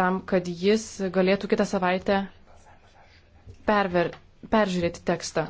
tam, kad jis galėtų kitą savaitę perver, peržiūrėti tekstą.